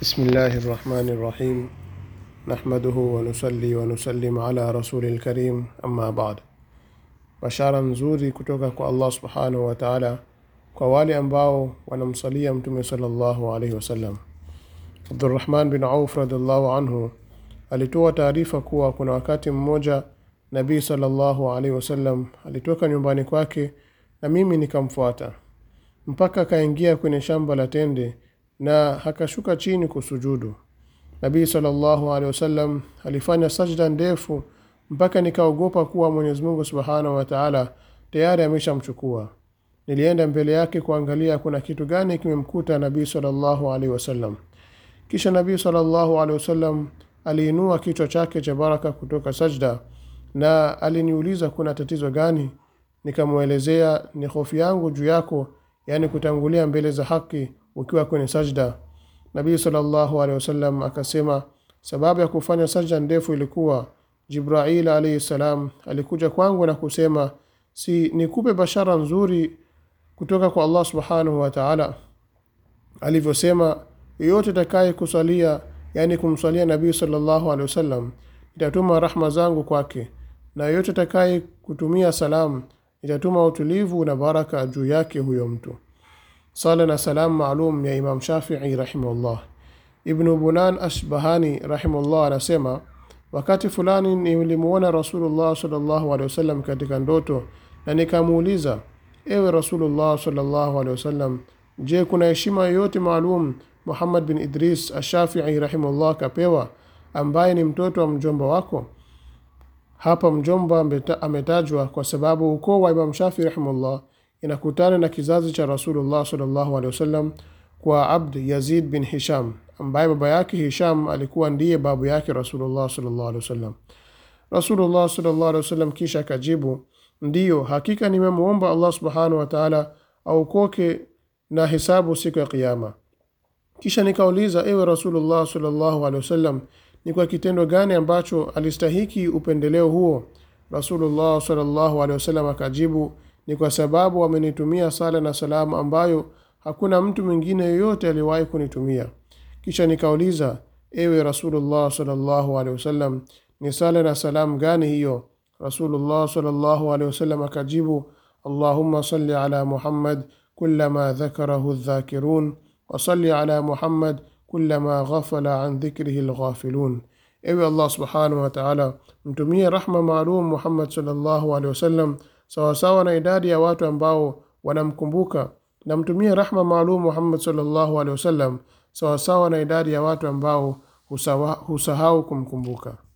Bismillahi rahmani rahim nahmaduhu wanusali wanusalim ala rasuli lkarim amma baad. Bashara nzuri kutoka kwa Allah subhanahu wa taala kwa wale ambao wanamsalia Mtume sallallahu alaihi wasallam. Abdurrahman bin Auf radhiallahu anhu alitoa taarifa kuwa kuna wakati mmoja Nabii sallallahu alaihi wasallam alitoka nyumbani kwake na mimi nikamfuata mpaka akaingia kwenye shamba la tende na akashuka chini kusujudu. Nabii sallallahu alaihi wasallam alifanya sajda ndefu mpaka nikaogopa kuwa Mwenyezi Mungu subhanahu wa taala tayari ameshamchukua. Nilienda mbele yake kuangalia kuna kitu gani kimemkuta Nabii sallallahu alaihi wasallam. Kisha Nabii sallallahu alaihi wasallam aliinua kichwa chake cha baraka kutoka sajda na aliniuliza kuna tatizo gani? Nikamwelezea ni hofu yangu juu yako, yaani kutangulia mbele za haki ukiwa kwenye sajda. Nabii sallallahu alaihi wasallam akasema sababu ya kufanya sajda ndefu ilikuwa Jibrail alaihi salam alikuja kwangu na kusema, si nikupe bashara nzuri kutoka kwa Allah subhanahu wa ta'ala, alivyosema yoyote atakaye kusalia, yani kumswalia Nabii sallallahu alaihi wasallam, nitatuma rahma zangu kwake, na yoyote atakaye kutumia salamu, nitatuma utulivu na baraka juu yake huyo mtu. Sala na salamu maalum ya Imam Shafii rahimahullah. Ibnu Bunan Asbahani rahimahullah anasema wakati fulani nilimuona Rasulullah sallallahu alaihi wasallam katika ndoto na nikamuuliza, ewe Rasulullah sallallahu alaihi wasallam, je, kuna heshima yoyote maalum Muhammad bin Idris Ashafii rahimahullah kapewa ambaye ni mtoto wa mjomba wako? Hapa mjomba ametajwa kwa sababu ukoo wa Imam Shafii rahimahullah inakutana na kizazi cha Rasulullah sallallahu alaihi wasallam kwa Abd Yazid bin Hisham ambaye baba yake Hisham alikuwa ndiye babu yake Rasulullah sallallahu alaihi wasallam. Rasulullah sallallahu alaihi wasallam kisha akajibu, ndiyo hakika nimemwomba Allah subhanahu wa ta'ala aukoke na hisabu siku ya Kiyama. Kisha nikauliza, ewe Rasulullah sallallahu alaihi wasallam, ni kwa kitendo gani ambacho alistahiki upendeleo huo? Rasulullah sallallahu alaihi wasallam akajibu ni kwa sababu wamenitumia sala na salamu ambayo hakuna mtu mwingine yoyote aliwahi kunitumia. Kisha nikauliza, ewe Rasulullah sallallahu alaihi wasallam, ni sala na salamu gani hiyo? Rasulullah sallallahu alaihi wasallam akajibu, Allahumma salli ala Muhammad kullama dhakarahu ldhakirun wasalli ala Muhammad kullama ghafala an dhikrihi lghafilun. Ewe Allah subhanahu wa taala, mtumie rahma maalum Muhammad sallallahu alaihi wasallam sawasawa na idadi ya watu ambao wanamkumbuka na mtumie rahma maalum Muhammad sallallahu alaihi wasallam sawasawa na idadi ya watu ambao husahau kumkumbuka.